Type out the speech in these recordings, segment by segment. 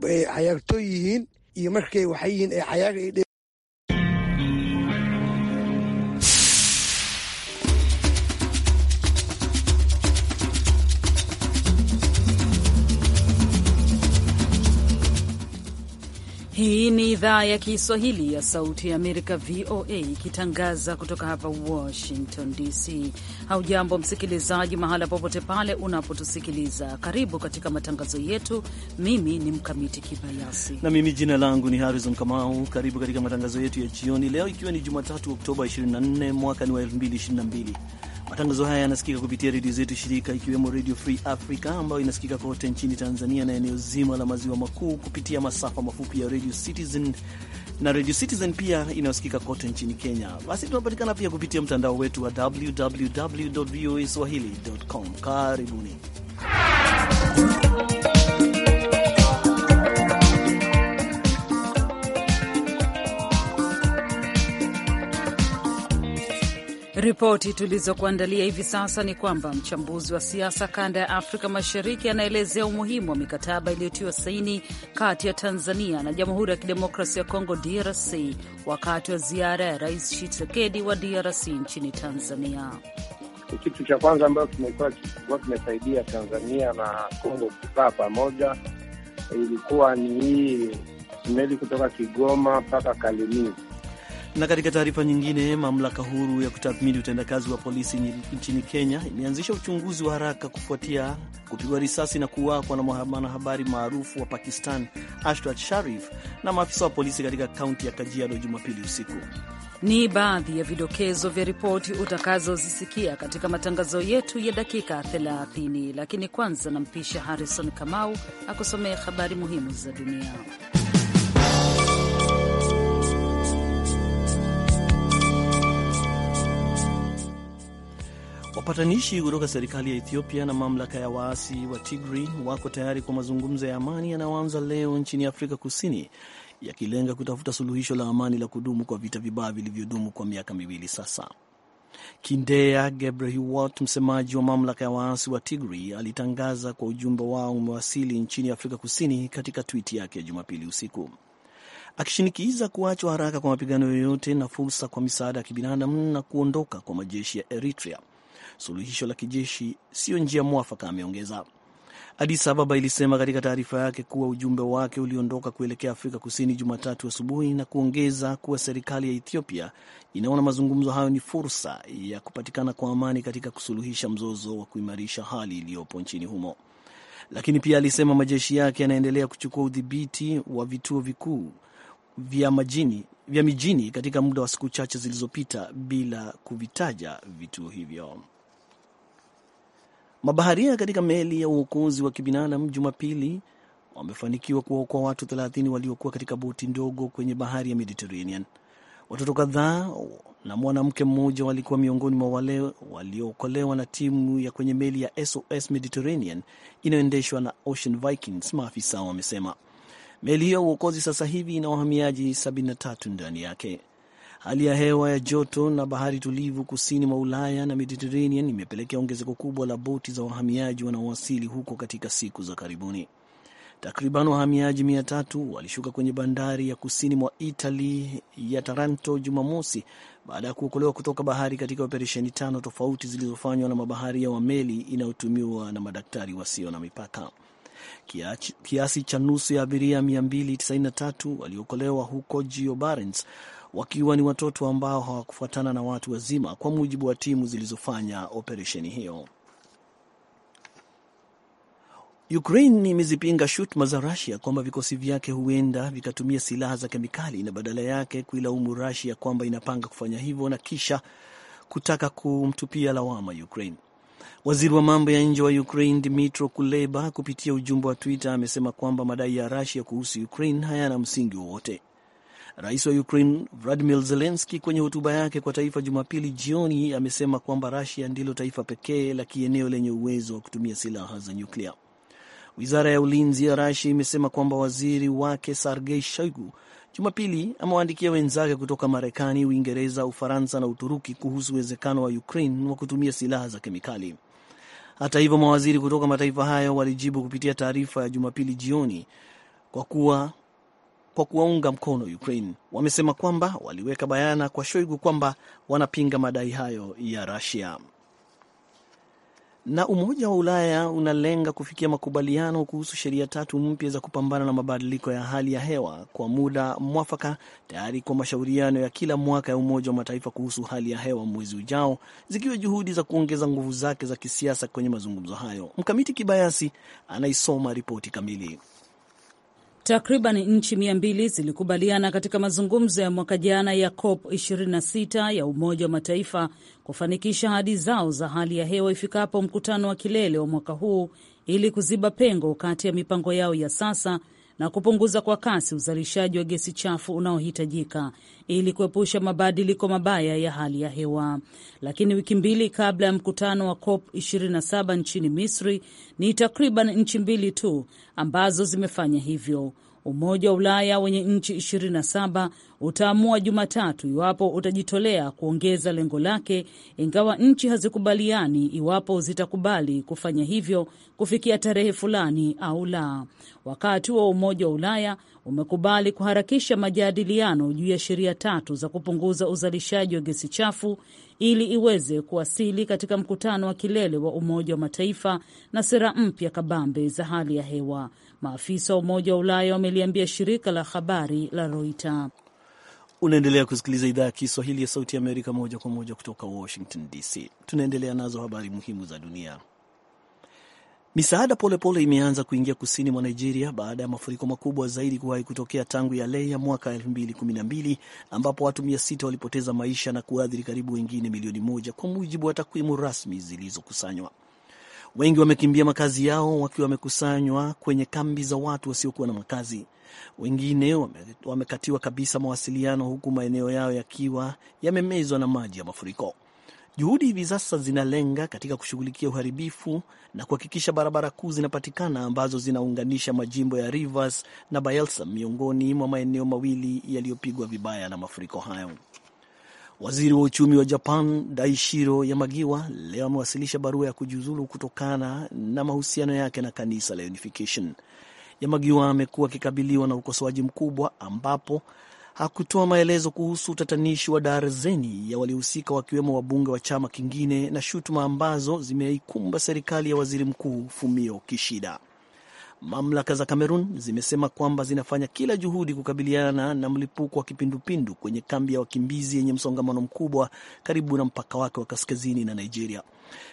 Eh, xayaagtooy yihiin iyo markay waxay yihiin eh, ay xayaag idhaa ya Kiswahili ya Sauti ya Amerika, VOA, ikitangaza kutoka hapa Washington DC. Haujambo msikilizaji, mahala popote pale unapotusikiliza. Karibu katika matangazo yetu. Mimi ni Mkamiti Kibayasi na mimi jina langu ni Harrison Kamau. Karibu katika matangazo yetu ya jioni leo, ikiwa ni Jumatatu Oktoba 24 mwaka ni wa 2022 Matangazo haya yanasikika kupitia redio zetu shirika, ikiwemo Redio Free Africa ambayo inasikika kote nchini Tanzania na eneo zima la maziwa makuu kupitia masafa mafupi ya Radio Citizen na Radio Citizen pia inayosikika kote nchini Kenya. Basi tunapatikana pia kupitia mtandao wetu wa www voa swahili com. Karibuni. Ripoti tulizokuandalia hivi sasa ni kwamba mchambuzi wa siasa kanda ya Afrika Mashariki anaelezea umuhimu wa mikataba iliyotiwa saini kati ya Tanzania na Jamhuri ya Kidemokrasia ya Kongo, DRC, wakati wa ziara ya Rais Tshisekedi wa DRC nchini Tanzania. Kitu cha kwanza ambayo kimekuwa kimesaidia Tanzania na Kongo kukaa pamoja ilikuwa ni hii meli kutoka Kigoma mpaka Kalemi na katika taarifa nyingine, mamlaka huru ya kutathmini utendakazi wa polisi nchini Kenya imeanzisha uchunguzi wa haraka kufuatia kupigwa risasi na kuwakwa na mwanahabari maarufu wa Pakistan Ashraf Sharif na maafisa wa polisi katika kaunti ya Kajiado Jumapili usiku. Ni baadhi ya vidokezo vya ripoti utakazozisikia katika matangazo yetu ya dakika 30, lakini kwanza nampisha Harrison Kamau akusomea habari muhimu za dunia. Wapatanishi kutoka serikali ya Ethiopia na mamlaka ya waasi wa Tigray wako tayari kwa mazungumzo ya amani yanayoanza leo nchini Afrika Kusini, yakilenga kutafuta suluhisho la amani la kudumu kwa vita vibaya vilivyodumu kwa miaka miwili sasa. Kindea Gebrehiwot, msemaji wa mamlaka ya waasi wa Tigray, alitangaza kwa ujumbe wao umewasili nchini Afrika Kusini katika twiti yake ya Jumapili usiku akishinikiza kuachwa haraka kwa mapigano yoyote na fursa kwa misaada ya kibinadamu na kuondoka kwa majeshi ya Eritrea suluhisho la kijeshi sio njia mwafaka, ameongeza. adis Ababa ilisema katika taarifa yake kuwa ujumbe wake uliondoka kuelekea Afrika Kusini Jumatatu asubuhi na kuongeza kuwa serikali ya Ethiopia inaona mazungumzo hayo ni fursa ya kupatikana kwa amani katika kusuluhisha mzozo wa kuimarisha hali iliyopo nchini humo. Lakini pia alisema majeshi yake yanaendelea kuchukua udhibiti wa vituo vikuu vya majini, vya mijini katika muda wa siku chache zilizopita bila kuvitaja vituo hivyo. Mabaharia katika meli ya uokozi wa kibinadamu Jumapili wamefanikiwa kuwaokoa watu 30 waliokuwa katika boti ndogo kwenye bahari ya Mediterranean. Watoto kadhaa na mwanamke mmoja walikuwa miongoni mwa wale waliookolewa na timu ya kwenye meli ya SOS Mediterranean inayoendeshwa na Ocean Vikings, maafisa wamesema. Meli hiyo ya uokozi sasa hivi ina wahamiaji 73 ndani yake. Hali ya hewa ya joto na bahari tulivu kusini mwa Ulaya na Mediterranean imepelekea ongezeko kubwa la boti za wahamiaji wanaowasili huko katika siku za karibuni. Takriban wahamiaji mia tatu walishuka kwenye bandari ya kusini mwa Itali ya Taranto Jumamosi baada ya kuokolewa kutoka bahari katika operesheni tano tofauti zilizofanywa na mabaharia wa meli inayotumiwa na madaktari wasio na mipaka. Kiasi cha nusu ya abiria 293 waliokolewa huko Geo Barents wakiwa ni watoto ambao hawakufuatana na watu wazima, kwa mujibu wa timu zilizofanya operesheni hiyo. Ukraine imezipinga shutuma za Rusia kwamba vikosi vyake huenda vikatumia silaha za kemikali na badala yake kuilaumu Rusia kwamba inapanga kufanya hivyo na kisha kutaka kumtupia lawama Ukraine. Waziri wa mambo ya nje wa Ukraine Dmytro Kuleba kupitia ujumbe wa Twitter amesema kwamba madai ya Rusia kuhusu Ukraine hayana msingi wowote. Rais wa Ukraine Vladimir Zelenski kwenye hotuba yake kwa taifa Jumapili jioni amesema kwamba Rusia ndilo taifa pekee la kieneo lenye uwezo wa kutumia silaha za nyuklia. Wizara ya ulinzi ya Rusia imesema kwamba waziri wake Sergei Shoigu Jumapili amewaandikia wenzake kutoka Marekani, Uingereza, Ufaransa na Uturuki kuhusu uwezekano wa Ukraine wa kutumia silaha za kemikali. Hata hivyo, mawaziri kutoka mataifa hayo walijibu kupitia taarifa ya Jumapili jioni kwa kuwa kwa kuwaunga mkono Ukraine. Wamesema kwamba waliweka bayana kwa Shoigu kwamba wanapinga madai hayo ya Rusia. Na Umoja wa Ulaya unalenga kufikia makubaliano kuhusu sheria tatu mpya za kupambana na mabadiliko ya hali ya hewa kwa muda mwafaka, tayari kwa mashauriano ya kila mwaka ya Umoja wa Mataifa kuhusu hali ya hewa mwezi ujao, zikiwa juhudi za kuongeza nguvu zake za kisiasa kwenye mazungumzo hayo. Mkamiti Kibayasi anaisoma ripoti kamili. Takriban nchi mia mbili zilikubaliana katika mazungumzo ya mwaka jana ya COP 26 ya Umoja wa Mataifa kufanikisha ahadi zao za hali ya hewa ifikapo mkutano wa kilele wa mwaka huu ili kuziba pengo kati ya mipango yao ya sasa na kupunguza kwa kasi uzalishaji wa gesi chafu unaohitajika ili kuepusha mabadiliko mabaya ya hali ya hewa. Lakini wiki mbili kabla ya mkutano wa COP 27 nchini Misri, ni takriban nchi mbili tu ambazo zimefanya hivyo. Umoja wa Ulaya wenye nchi 27 utaamua Jumatatu iwapo utajitolea kuongeza lengo lake, ingawa nchi hazikubaliani iwapo zitakubali kufanya hivyo kufikia tarehe fulani au la. Wakati wa Umoja wa Ulaya umekubali kuharakisha majadiliano juu ya sheria tatu za kupunguza uzalishaji wa gesi chafu ili iweze kuwasili katika mkutano wa kilele wa Umoja wa Mataifa na sera mpya kabambe za hali ya hewa maafisa wa Umoja wa Ulaya wameliambia shirika la habari la Roita. Unaendelea kusikiliza idhaa ya Kiswahili ya Sauti ya Amerika moja kwa moja kutoka Washington DC. Tunaendelea nazo habari muhimu za dunia. Misaada polepole imeanza kuingia kusini mwa Nigeria baada ya mafuriko makubwa zaidi kuwahi kutokea tangu yale ya mwaka 2012 ambapo watu 600 walipoteza maisha na kuathiri karibu wengine milioni moja, kwa mujibu wa takwimu rasmi zilizokusanywa. Wengi wamekimbia makazi yao wakiwa wamekusanywa kwenye kambi za watu wasiokuwa na makazi. Wengine wamekatiwa kabisa mawasiliano, huku maeneo yao yakiwa yamemezwa na maji ya mafuriko. Juhudi hivi sasa zinalenga katika kushughulikia uharibifu na kuhakikisha barabara kuu zinapatikana ambazo zinaunganisha majimbo ya Rivers na Bayelsa, miongoni mwa maeneo mawili yaliyopigwa vibaya na mafuriko hayo. Waziri wa uchumi wa Japan Daishiro Yamagiwa leo amewasilisha barua ya kujiuzulu kutokana na mahusiano yake na kanisa la Unification. Yamagiwa amekuwa akikabiliwa na ukosoaji mkubwa ambapo hakutoa maelezo kuhusu utatanishi wa darzeni ya waliohusika wakiwemo wabunge wa chama kingine na shutuma ambazo zimeikumba serikali ya waziri mkuu Fumio Kishida. Mamlaka za Cameroon zimesema kwamba zinafanya kila juhudi kukabiliana na mlipuko wa kipindupindu kwenye kambi ya wakimbizi yenye msongamano mkubwa karibu na mpaka wake wa kaskazini na Nigeria.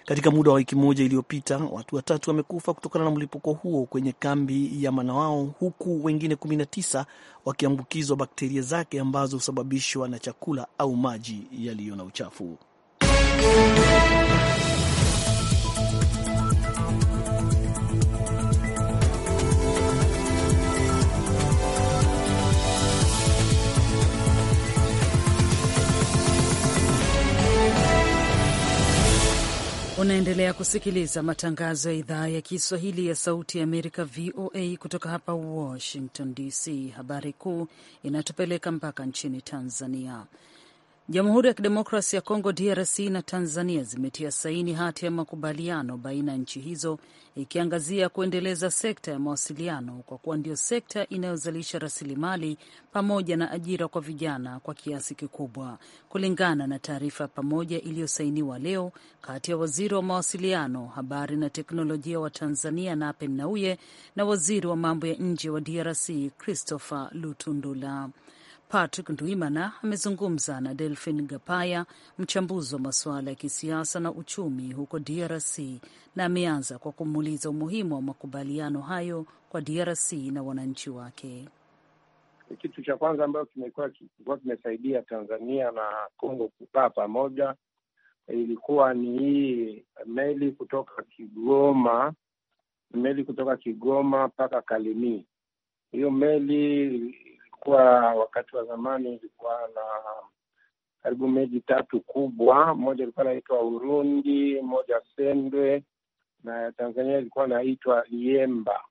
Katika muda wa wiki moja iliyopita, watu watatu wamekufa kutokana na mlipuko huo kwenye kambi ya Manawao, huku wengine 19 wakiambukizwa bakteria zake ambazo husababishwa na chakula au maji yaliyo na uchafu. Unaendelea kusikiliza matangazo ya idhaa ya Kiswahili ya Sauti ya Amerika, VOA, kutoka hapa Washington DC. Habari kuu inatupeleka mpaka nchini Tanzania. Jamhuri ya Kidemokrasi ya Kongo DRC na Tanzania zimetia saini hati ya makubaliano baina ya nchi hizo ikiangazia kuendeleza sekta ya mawasiliano kwa kuwa ndio sekta inayozalisha rasilimali pamoja na ajira kwa vijana kwa kiasi kikubwa, kulingana na taarifa ya pamoja iliyosainiwa leo kati ya waziri wa mawasiliano, habari na teknolojia wa Tanzania Nape Nnauye na waziri wa mambo ya nje wa DRC Christopher Lutundula. Patrick Ndwimana amezungumza na Delphin Gapaya, mchambuzi wa masuala ya kisiasa na uchumi huko DRC, na ameanza kwa kumuuliza umuhimu wa makubaliano hayo kwa DRC na wananchi wake. Kitu cha kwanza ambayo kimekuwa kimesaidia Tanzania na Kongo kukaa pamoja ilikuwa ni hii meli kutoka Kigoma, meli kutoka Kigoma mpaka Kalemie. Hiyo meli ilikuwa wakati wa zamani, ilikuwa na karibu meli tatu kubwa. Moja ilikuwa naitwa Urundi, moja Sendwe na Tanzania ilikuwa naitwa Liemba.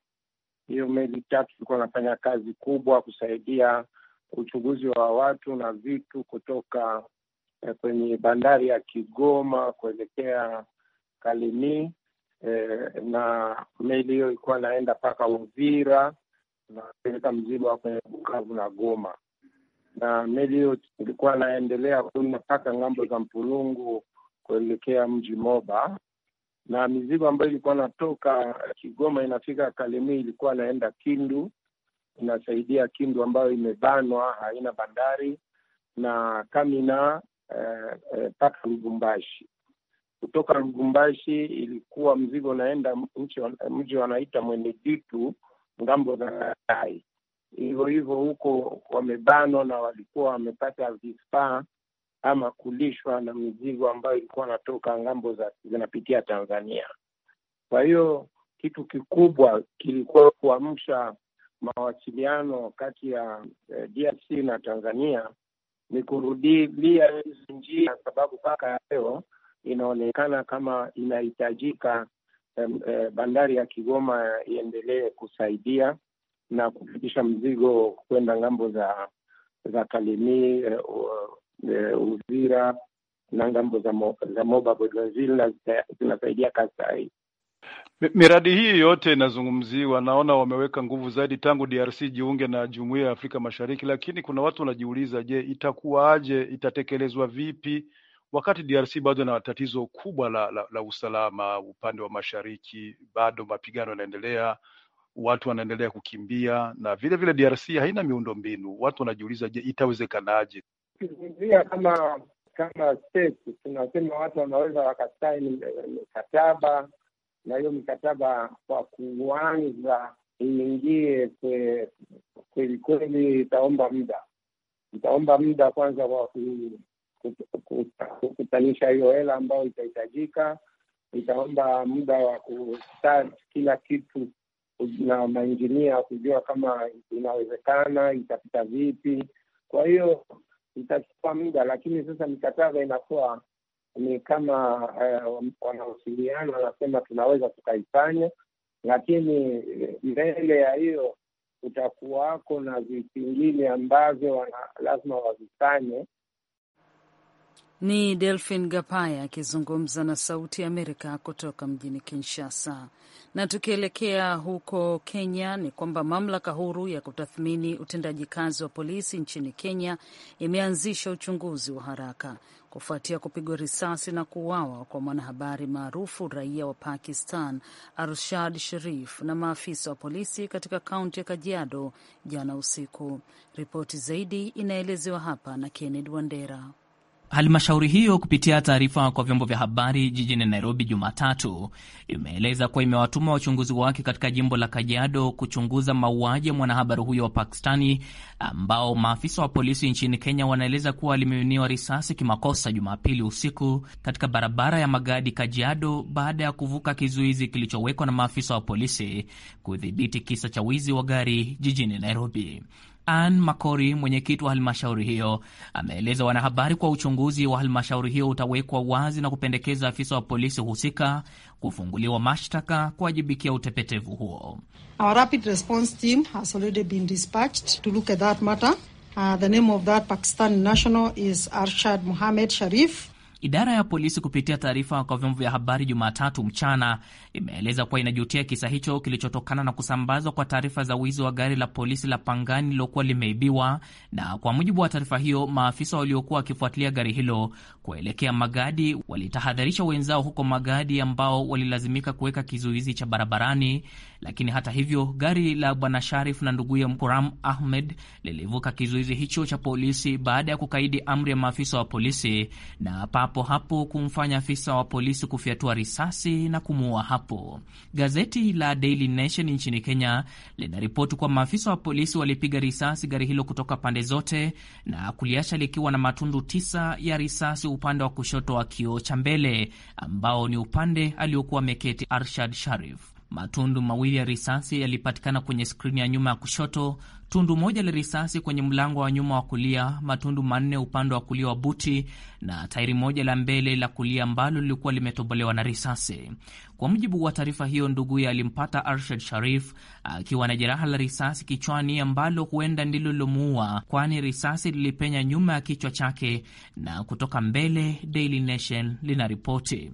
Hiyo meli tatu ilikuwa nafanya kazi kubwa kusaidia uchunguzi wa watu na vitu kutoka eh, kwenye bandari ya Kigoma kuelekea Kalemie eh, na meli hiyo ilikuwa naenda mpaka Uvira tunapeleka mzigo hapa Bukavu na Goma, na meli hiyo ilikuwa naendelea kuna mpaka ng'ambo za Mpulungu kuelekea mji Moba, na mizigo ambayo ilikuwa natoka Kigoma inafika Kalemie ilikuwa naenda Kindu, inasaidia Kindu ambayo imebanwa haina bandari na Kamina mpaka eh, eh, Lubumbashi. Kutoka Lubumbashi ilikuwa mzigo unaenda mji wanaita Mweneditu ngambo za Kasai. Hivyo hivyo huko wamebanwa na walikuwa wamepata vifaa ama kulishwa na mizigo ambayo ilikuwa natoka ngambo za zinapitia Tanzania. Kwa hiyo kitu kikubwa kilikuwa kuamsha mawasiliano kati ya eh, DRC na Tanzania ni kurudilia hizi njia, sababu mpaka leo inaonekana kama inahitajika Eh, bandari ya Kigoma iendelee kusaidia na kupitisha mzigo kwenda ng'ambo za za Kalemie, eh, eh, Uvira na ngambo za, mo, za Moba na zinasaidia Kasai. Miradi hii yote inazungumziwa, naona wameweka nguvu zaidi tangu DRC jiunge na Jumuiya ya Afrika Mashariki, lakini kuna watu wanajiuliza, je, itakuwaje? Itatekelezwa vipi? wakati DRC bado na tatizo kubwa la, la, la usalama upande wa mashariki, bado mapigano yanaendelea, watu wanaendelea kukimbia, na vile vile DRC haina miundo mbinu. Watu wanajiuliza, je, itawezekanaje? kama kama state tunasema watu wanaweza wakasaini mikataba na hiyo mikataba kwa kuanza iingie kwelikweli kweli, itaomba muda, itaomba muda kwanza kwa kukutanisha hiyo hela ambayo itahitajika. Itaomba muda wa kustart kila kitu na mainjinia kujua kama inawezekana, itapita vipi. Kwa hiyo itachukua muda, lakini sasa mikataba inakuwa ni kama eh, wanawasiliana wanasema tunaweza tukaifanya, lakini eh, mbele ya hiyo kutakuwako na vitu vingine ambavyo lazima wavifanye ni Delphin Gapaya akizungumza na Sauti ya Amerika kutoka mjini Kinshasa. Na tukielekea huko Kenya, ni kwamba mamlaka huru ya kutathmini utendaji kazi wa polisi nchini Kenya imeanzisha uchunguzi wa haraka kufuatia kupigwa risasi na kuuawa kwa mwanahabari maarufu raia wa Pakistan Arshad Sharif na maafisa wa polisi katika kaunti ya Kajiado jana usiku. Ripoti zaidi inaelezewa hapa na Kennedy Wandera. Halmashauri hiyo kupitia taarifa kwa vyombo vya habari jijini Nairobi Jumatatu imeeleza kuwa imewatuma wachunguzi wake katika jimbo la Kajiado kuchunguza mauaji ya mwanahabari huyo wa Pakistani ambao maafisa wa polisi nchini Kenya wanaeleza kuwa alimiminiwa risasi kimakosa Jumapili usiku katika barabara ya Magadi Kajiado baada ya kuvuka kizuizi kilichowekwa na maafisa wa polisi kudhibiti kisa cha wizi wa gari jijini Nairobi. Ann Makori, mwenyekiti wa halmashauri hiyo, ameeleza wanahabari kwa uchunguzi wa halmashauri hiyo utawekwa wazi na kupendekeza afisa wa polisi husika kufunguliwa mashtaka kuwajibikia utepetevu huo. Our rapid response team has already been dispatched to look at that matter. Uh, the name of that Pakistani national is Arshad Sharif. Idara ya polisi kupitia taarifa kwa vyombo vya habari Jumatatu mchana imeeleza kuwa inajutia kisa hicho kilichotokana na kusambazwa kwa taarifa za wizi wa gari la polisi la Pangani lilokuwa limeibiwa, na kwa mujibu wa taarifa hiyo, maafisa waliokuwa wakifuatilia gari hilo kuelekea Magadi walitahadharisha wenzao huko Magadi ambao walilazimika kuweka kizuizi cha barabarani, lakini hata hivyo gari la Bwana Sharif na nduguye Mkuram Ahmed lilivuka kizuizi hicho cha polisi baada ya kukaidi amri ya maafisa wa polisi na papo hapo kumfanya afisa wa polisi kufyatua risasi na kumuua hapo. Gazeti la Daily Nation nchini Kenya linaripoti kwamba maafisa wa polisi walipiga risasi gari hilo kutoka pande zote na kuliacha likiwa na matundu tisa ya risasi upande wa kushoto wa kioo cha mbele, ambao ni upande aliokuwa ameketi Arshad Sharif. Matundu mawili ya risasi yalipatikana kwenye skrini ya nyuma ya kushoto tundu moja la risasi kwenye mlango wa nyuma wa kulia, matundu manne upande wa kulia wa buti na tairi moja la mbele la kulia ambalo lilikuwa limetobolewa na risasi. Kwa mujibu wa taarifa hiyo, nduguye alimpata Arshad Sharif akiwa na jeraha la risasi kichwani ambalo huenda ndilo lilomuua, kwani risasi lilipenya nyuma ya kichwa chake na kutoka mbele. Daily Nation linaripoti.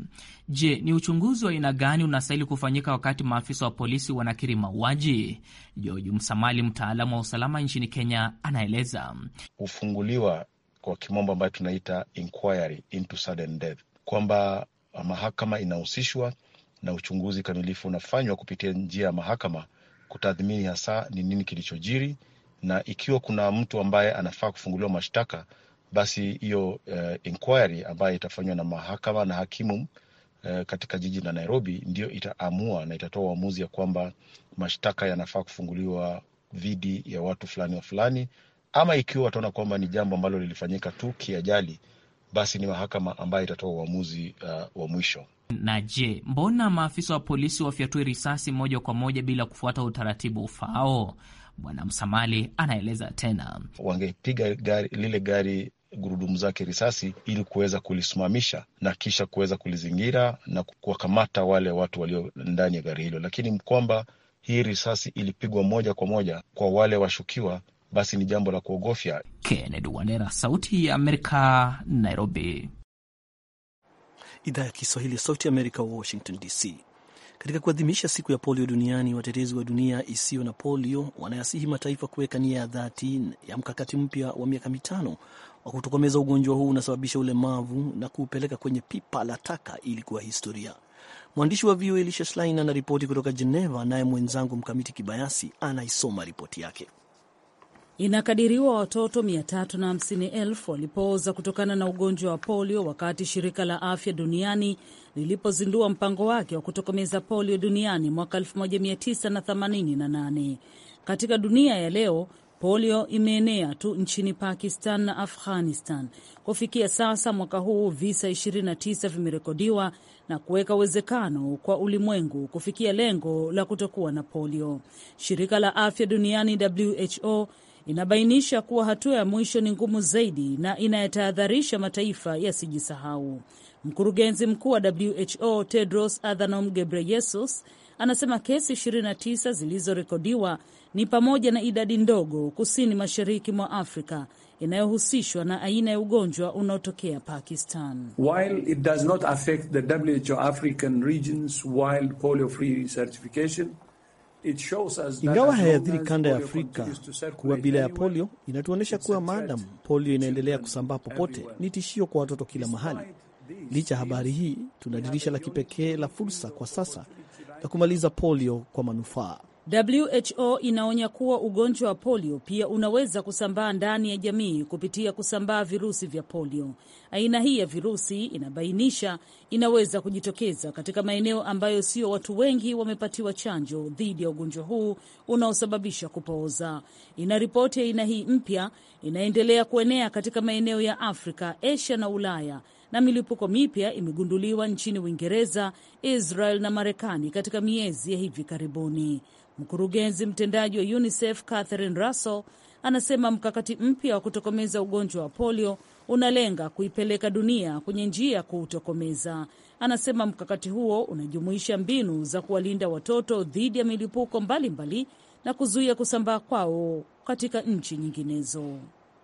Je, ni uchunguzi wa aina gani unastahili kufanyika wakati maafisa wa polisi wanakiri mauaji? Joju Msamali, mtaalamu wa usalama nchini Kenya, anaeleza kufunguliwa kwa kimombo ambayo tunaita inquiry into sudden death, kwamba mahakama inahusishwa na uchunguzi kamilifu unafanywa kupitia njia ya mahakama kutathmini hasa ni nini kilichojiri, na ikiwa kuna mtu ambaye anafaa kufunguliwa mashtaka, basi hiyo uh, inquiry ambayo itafanywa na mahakama na hakimu Eh, katika jiji la Nairobi ndio itaamua na itatoa uamuzi ya kwamba mashtaka yanafaa kufunguliwa dhidi ya watu fulani wa fulani, ama ikiwa wataona kwamba ni jambo ambalo lilifanyika tu kiajali, basi ni mahakama ambayo itatoa uamuzi uh, wa mwisho. Na je, mbona maafisa wa polisi wafyatue risasi moja kwa moja bila kufuata utaratibu ufaao? Bwana Msamali anaeleza tena, wangepiga gari, lile gari gurudumu zake risasi ili kuweza kulisimamisha na kisha kuweza kulizingira na kuwakamata wale watu walio ndani ya gari hilo, lakini kwamba hii risasi ilipigwa moja kwa moja kwa wale washukiwa, basi ni jambo la kuogofya. Kennedy Wandera, Sauti ya Amerika, Nairobi. Idhaa ya Kiswahili ya Sauti ya Amerika, Washington DC. Katika kuadhimisha siku ya polio duniani, watetezi wa dunia isiyo na polio wanayasihi mataifa kuweka nia ya dhati ya mkakati mpya wa miaka mitano wa kutokomeza ugonjwa huu unasababisha ulemavu na kuupeleka kwenye pipa la taka ili kuwa historia. Mwandishi wa VOA Elisha Schlein anaripoti kutoka Geneva, naye mwenzangu Mkamiti Kibayasi anaisoma ripoti yake. Inakadiriwa watoto 350,000 walipooza kutokana na ugonjwa wa polio wakati shirika la afya duniani lilipozindua mpango wake wa kutokomeza polio duniani mwaka 1988. Katika dunia ya leo, Polio imeenea tu nchini Pakistan na Afghanistan. Kufikia sasa mwaka huu visa 29 vimerekodiwa na kuweka uwezekano kwa ulimwengu kufikia lengo la kutokuwa na polio. Shirika la Afya Duniani WHO inabainisha kuwa hatua ya mwisho ni ngumu zaidi na inayotahadharisha mataifa yasijisahau. Mkurugenzi mkuu wa WHO Tedros Adhanom Ghebreyesus anasema kesi 29 zilizorekodiwa ni pamoja na idadi ndogo kusini mashariki mwa Afrika inayohusishwa na aina ya ugonjwa unaotokea Pakistan. While it does not affect the WHO African regions wild polio free certification ingawa hayaathiri kanda ya Afrika kuwa bila ya polio, inatuonyesha kuwa maadam polio inaendelea kusambaa popote, ni tishio kwa watoto kila mahali. Licha ya habari hii, tuna dirisha la kipekee la fursa kwa sasa la kumaliza polio kwa manufaa. WHO inaonya kuwa ugonjwa wa polio pia unaweza kusambaa ndani ya jamii kupitia kusambaa virusi vya polio. Aina hii ya virusi inabainisha inaweza kujitokeza katika maeneo ambayo sio watu wengi wamepatiwa chanjo dhidi ya ugonjwa huu unaosababisha kupooza. Inaripoti ya aina hii mpya inaendelea kuenea katika maeneo ya Afrika, Asia na Ulaya na milipuko mipya imegunduliwa nchini Uingereza, Israel na Marekani katika miezi ya hivi karibuni. Mkurugenzi mtendaji wa UNICEF Catherine Russell anasema mkakati mpya wa kutokomeza ugonjwa wa polio unalenga kuipeleka dunia kwenye njia ya kuutokomeza. Anasema mkakati huo unajumuisha mbinu za kuwalinda watoto dhidi ya milipuko mbalimbali na kuzuia kusambaa kwao katika nchi nyinginezo.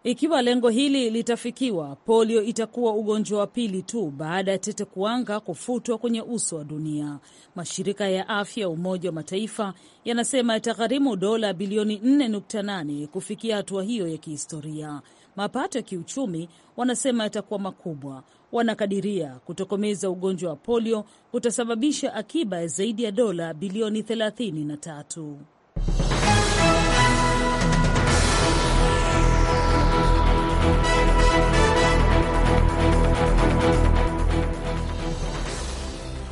Ikiwa lengo hili litafikiwa, polio itakuwa ugonjwa wa pili tu baada ya tete kuanga kufutwa kwenye uso wa dunia. Mashirika ya afya ya Umoja wa Mataifa yanasema yatagharimu dola bilioni 4.8 kufikia hatua hiyo ya kihistoria. Mapato ya kiuchumi wanasema yatakuwa makubwa. Wanakadiria kutokomeza ugonjwa wa polio kutasababisha akiba ya zaidi ya dola bilioni 33.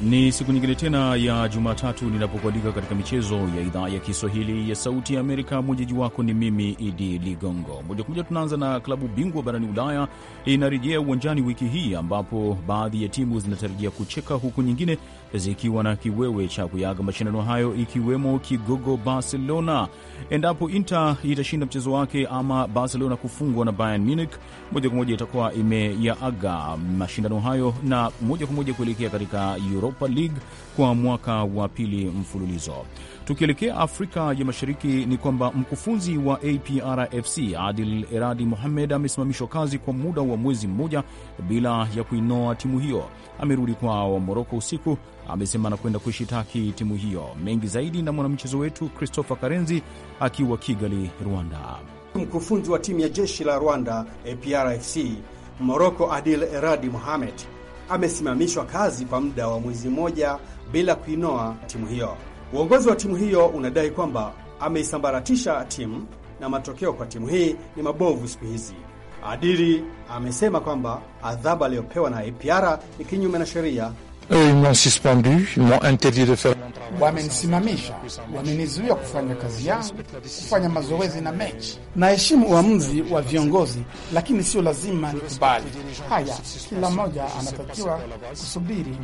Ni siku nyingine tena ya Jumatatu ninapokualika katika michezo ya idhaa ya Kiswahili ya Sauti ya Amerika. Mwenyeji wako ni mimi Idi Ligongo. Moja kwa moja tunaanza na klabu bingwa barani Ulaya inarejea uwanjani wiki hii, ambapo baadhi ya timu zinatarajia kucheka huku nyingine zikiwa na kiwewe cha kuyaga mashindano hayo ikiwemo kigogo Barcelona. Endapo Inter itashinda mchezo wake ama Barcelona kufungwa na Bayern Munich, moja kwa moja itakuwa imeyaaga mashindano hayo na moja kwa moja kuelekea katika Europa League kwa mwaka wa pili mfululizo. Tukielekea Afrika ya Mashariki ni kwamba mkufunzi wa APRFC Adil Eradi Mohamed amesimamishwa kazi kwa muda wa mwezi mmoja bila ya kuinoa timu hiyo. Amerudi kwa Moroko usiku amesema anakwenda kuishitaki timu hiyo. Mengi zaidi na mwanamchezo wetu Christopher Karenzi akiwa Kigali, Rwanda. Mkufunzi wa timu ya jeshi la Rwanda APRFC Moroko Adil Eradi Mohamed amesimamishwa kazi kwa muda wa mwezi mmoja bila kuinoa timu hiyo. Uongozi wa timu hiyo unadai kwamba ameisambaratisha timu na matokeo kwa timu hii ni mabovu siku hizi. Adili amesema kwamba adhabu aliyopewa na APR ni kinyume na sheria Eux, ils m'ont suspendu, ils m'ont interdit de faire Wamenisimamisha, wamenizuia kufanya kazi yangu, kufanya mazoezi na mechi. Naheshimu uamuzi wa viongozi, lakini sio lazima nikubali haya. Kila mmoja anatakiwa kusubiri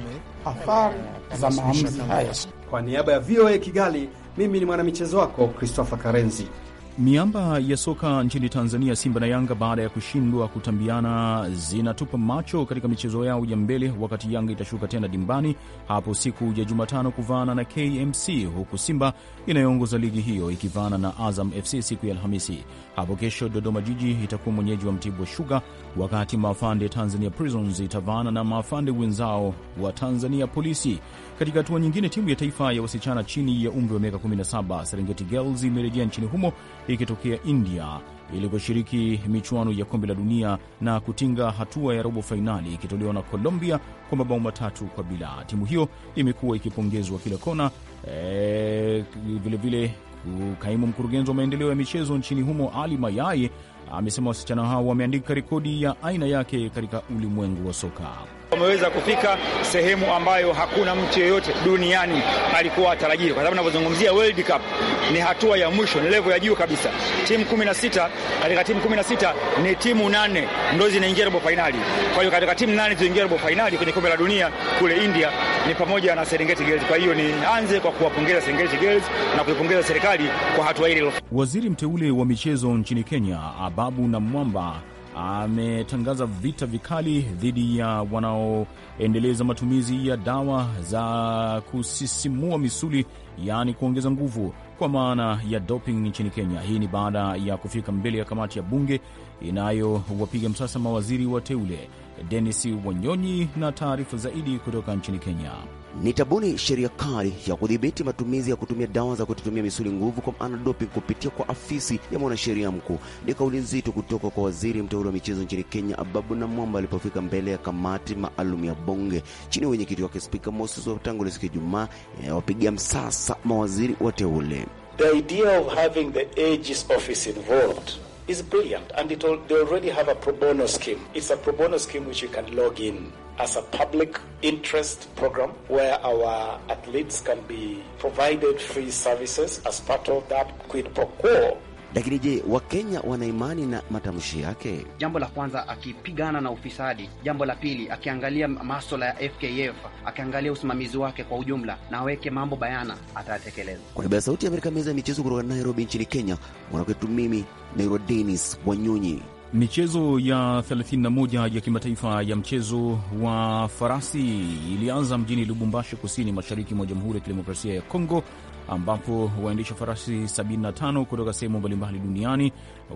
athari za maamuzi haya. Kwa niaba ya VOA Kigali, mimi ni mwanamichezo wako Christopher Karenzi. Miamba ya soka nchini Tanzania, Simba na Yanga, baada ya kushindwa kutambiana, zinatupa macho katika michezo yao ya mbele, wakati Yanga itashuka tena dimbani hapo siku ya Jumatano kuvaana na KMC, huku Simba inayoongoza ligi hiyo ikivaana na Azam FC siku ya Alhamisi. Hapo kesho, Dodoma Jiji itakuwa mwenyeji wa Mtibwa Shuga, wakati Mafande Tanzania Prisons itavaana na maafande wenzao wa Tanzania Polisi. Katika hatua nyingine, timu ya taifa ya wasichana chini ya umri wa miaka 17 Serengeti Girls imerejea nchini humo ikitokea India ili kushiriki michuano ya kombe la dunia na kutinga hatua ya robo fainali ikitolewa na Colombia kwa mabao matatu kwa bila. Timu hiyo imekuwa ikipongezwa kila kona. Eh, e, vilevile kaimu mkurugenzi wa maendeleo ya michezo nchini humo Ali Mayai amesema wasichana hao wameandika rekodi ya aina yake katika ulimwengu wa soka. Wameweza kufika sehemu ambayo hakuna mtu yeyote duniani alikuwa atarajia, kwa sababu navyozungumzia World Cup ni hatua ya mwisho, ni level ya juu kabisa. Timu 16 katika timu 16 ni timu nane ndo zinaingia robo fainali. Kwa hiyo katika timu nane zinaingia robo fainali kwenye kombe la dunia kule India ni pamoja na Serengeti Girls. Kwa hiyo nianze kwa kuwapongeza Serengeti Girls na kuipongeza serikali kwa hatua hili. Waziri mteule wa michezo nchini Kenya Ababu na Mwamba ametangaza vita vikali dhidi ya wanaoendeleza matumizi ya dawa za kusisimua misuli, yaani kuongeza nguvu, kwa maana ya doping nchini Kenya. Hii ni baada ya kufika mbele ya kamati ya bunge inayowapiga msasa mawaziri wa teule Denis Wanyonyi, na taarifa zaidi kutoka nchini Kenya nitabuni sheria kali ya kudhibiti matumizi ya kutumia dawa za kututumia misuli nguvu kwa doping kupitia kwa afisi ya mwanasheria mkuu. Ni kauli nzito kutoka kwa waziri mteule wa michezo nchini Kenya, Ababu Namwamba, alipofika mbele ya kamati maalum ya bunge chini ya wenyekiti wake Spika Moses Wetang'ula siku ya Ijumaa, yawapigia eh, msasa mawaziri wateule. The idea of having the AG's office involved is brilliant and it all, they already have a pro bono scheme. It's a pro bono scheme which you can log in as a public interest program where our athletes can be provided free services as part of that quid pro quo. Lakini je, Wakenya wana imani na matamshi yake? Jambo la kwanza akipigana na ufisadi, jambo la pili akiangalia maswala ya FKF, akiangalia usimamizi wake kwa ujumla na aweke mambo bayana, atatekeleza. Kwa niaba ya Sauti ya Amerika, meza ya michezo kutoka Nairobi nchini Kenya, mwanakwetu mimi Nairo Denis Wanyonyi. Michezo ya 31 ya kimataifa ya mchezo wa farasi ilianza mjini Lubumbashi, kusini mashariki mwa Jamhuri ya Kidemokrasia ya Kongo, ambapo waendesha farasi 75 kutoka sehemu mbalimbali duniani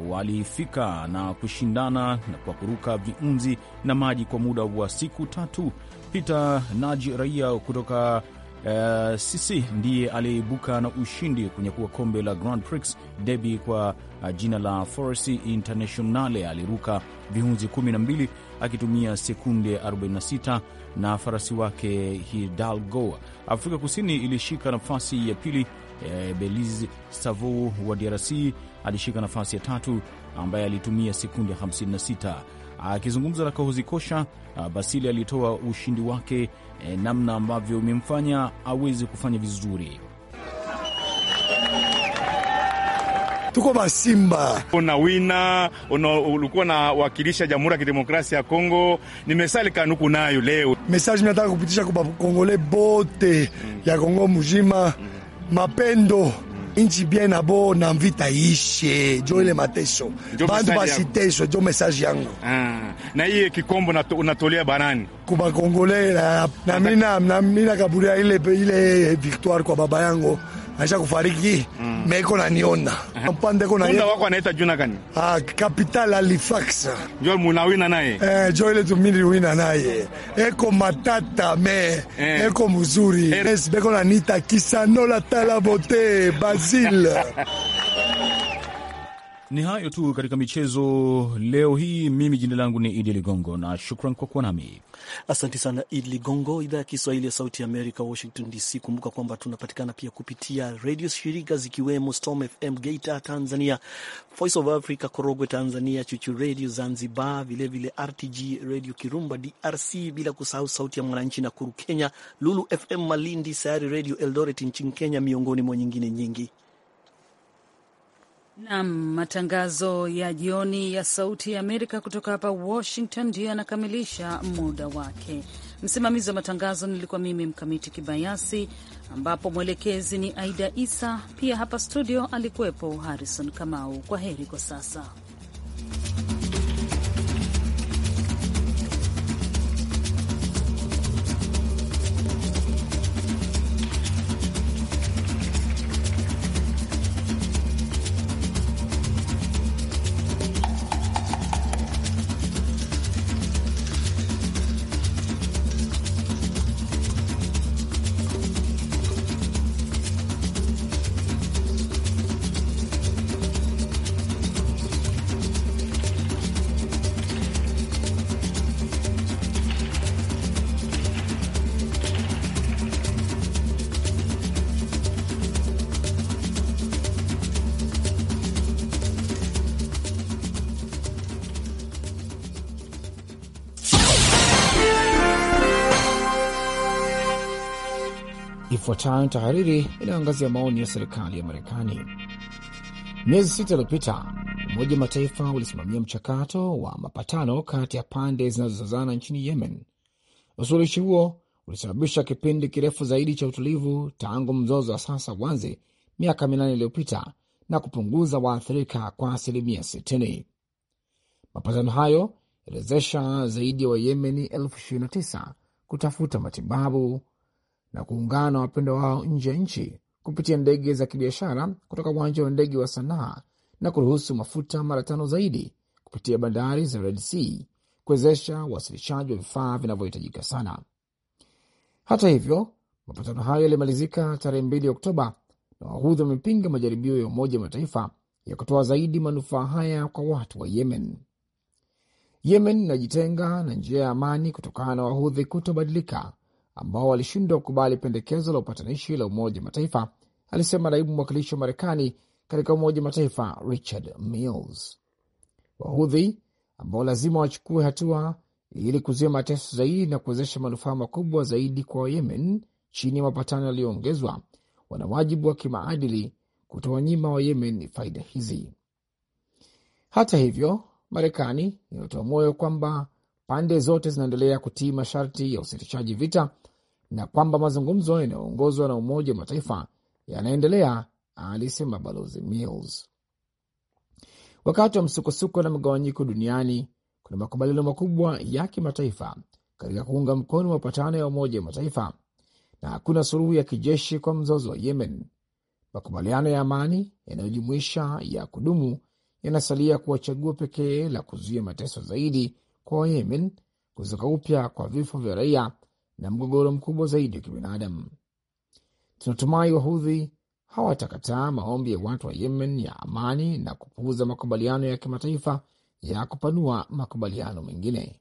walifika na kushindana kwa kuruka viunzi na maji kwa muda wa siku tatu. Peter Naji, raia kutoka Uh, eh, Sisi ndiye aliyeibuka na ushindi kunyakua kombe la Grand Prix Debi kwa uh, jina la Foresi Internationale. Aliruka viunzi 12 akitumia sekunde 46 na farasi wake Hidalgo. Afrika Kusini ilishika nafasi ya pili. Uh, Belize Savo wa DRC alishika nafasi ya tatu ambaye alitumia sekunde 56. Akizungumza na Kahozi Kosha, Basili alitoa ushindi wake e, namna ambavyo imemfanya aweze kufanya vizuri. Tuko Basimba, una wina ulikuwa na wakilisha Jamhuri ya Kidemokrasia ya Kongo. Ni mesali kanuku nayo leo mesaji nataka kupitisha kwa Kongole bote ya Kongo mzima, mapendo inchi bien abo na mvita ishe jo ile mateso bantu basiteswe jo message yangu. Ah, na hiye kikombo unatolea banani kubakongole na, na mina, na mina kaburia ile, ile victoire kwa baba yangu aisha kufariki mm. Meko na niona mpande kuna yeye wako anaita juna gani? Ah, capital Halifax, Joel Munawina naye eh, Joel Tumili wina naye eko matata me eh. Eko mzuri eh. Beko na nita kisanola talabote Basil Ni hayo tu katika michezo leo hii. Mimi jina langu ni Idi Ligongo na shukran kwa kuwa nami. Asante sana Idi Ligongo. Idhaa ya Kiswahili ya Sauti ya Amerika, Washington DC. Kumbuka kwamba tunapatikana pia kupitia redio shirika zikiwemo Storm FM Geita Tanzania, Voice of Africa Korogwe Tanzania, Chuchu Redio Zanzibar, vilevile vile RTG Redio Kirumba DRC, bila kusahau Sauti ya Mwananchi Nakuru Kenya, Lulu FM Malindi, Sayari Redio Eldoret nchini Kenya, miongoni mwa nyingine nyingi. Nam, matangazo ya jioni ya Sauti ya Amerika kutoka hapa Washington ndiyo yanakamilisha muda wake. Msimamizi wa matangazo nilikuwa mimi Mkamiti Kibayasi, ambapo mwelekezi ni Aida Isa. Pia hapa studio alikuwepo Harrison Kamau. Kwa heri kwa sasa. Ifuatayo ni tahariri inayoangazia maoni ya serikali ya Marekani. Miezi sita iliyopita, Umoja wa Mataifa ulisimamia mchakato wa mapatano kati ya pande zinazozozana nchini Yemen. Usuluhishi huo ulisababisha kipindi kirefu zaidi cha utulivu tangu mzozo wa sasa uanze miaka minane iliyopita na kupunguza waathirika kwa asilimia 60. Mapatano hayo yaliwezesha zaidi ya wa Wayemeni elfu 29 kutafuta matibabu, na kuungana na wapendwa wao nje ya nchi kupitia ndege za kibiashara kutoka uwanja wa ndege wa Sanaa na kuruhusu mafuta mara tano zaidi kupitia bandari za Red Sea kuwezesha uwasilishaji wa vifaa vinavyohitajika sana. Hata hivyo, mapatano hayo yalimalizika tarehe mbili Oktoba na Wahudhi wamepinga majaribio ya Umoja wa Mataifa ya kutoa zaidi manufaa haya kwa watu wa Yemen. Yemen inajitenga na njia ya amani kutokana na Wahudhi kutobadilika ambao walishindwa kukubali pendekezo la upatanishi la Umoja Mataifa, alisema naibu mwakilishi wa Marekani katika Umoja Mataifa Richard Mills. Wahudhi ambao lazima wachukue hatua ili kuzuia mateso zaidi na kuwezesha manufaa makubwa zaidi kwa Yemen chini ya mapatano yaliyoongezwa, wana wajibu wa kimaadili kutowanyima wa Yemen faida hizi. Hata hivyo, Marekani inatoa moyo kwamba pande zote zinaendelea kutii masharti ya usitishaji vita na kwamba mazungumzo yanayoongozwa na Umoja wa Mataifa yanaendelea, alisema Balozi Mills. Wakati wa msukosuko na mgawanyiko duniani, kuna makubaliano makubwa ya kimataifa katika kuunga mkono mapatano ya Umoja wa Mataifa, na hakuna suluhu ya kijeshi kwa mzozo wa Yemen. Makubaliano ya amani yanayojumuisha ya kudumu yanasalia kuwa chaguo pekee la kuzuia mateso zaidi kwa Wayemen, kuzuka upya kwa vifo vya raia na mgogoro mkubwa zaidi wa kibinadamu. Tunatumai wahudhi hawatakataa maombi ya watu wa Yemen ya amani na kupuuza makubaliano ya kimataifa ya kupanua makubaliano mengine.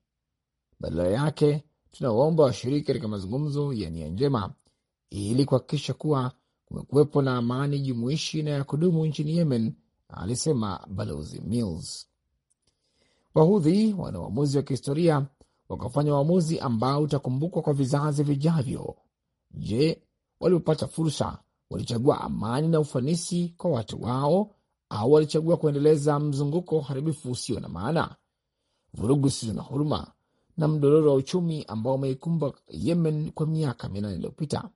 Badala yake, tunawaomba washiriki katika mazungumzo ya nia njema ili kuhakikisha kuwa kumekuwepo na amani jumuishi na ya kudumu nchini Yemen, alisema Balozi Mills. Wahudhi wana uamuzi wa kihistoria wakafanya uamuzi ambao utakumbukwa kwa vizazi vijavyo. Je, walipopata fursa walichagua amani na ufanisi kwa watu wao, au walichagua kuendeleza mzunguko wa uharibifu usio na maana, vurugu zisizo na huruma na mdororo wa uchumi ambao umeikumba Yemen kwa miaka minane iliyopita.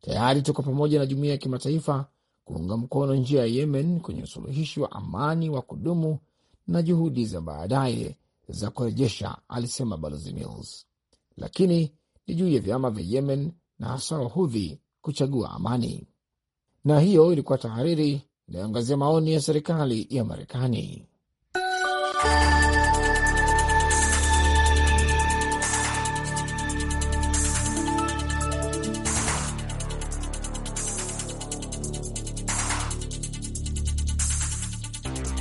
Tayari tuko pamoja na jumuiya ya kimataifa kuunga mkono njia ya Yemen kwenye usuluhishi wa amani wa kudumu na juhudi za baadaye za kurejesha, alisema balozi Mills, lakini ni juu ya vyama vya Yemen na hasa Wahudhi kuchagua amani. Na hiyo ilikuwa tahariri inayoangazia maoni ya serikali ya Marekani.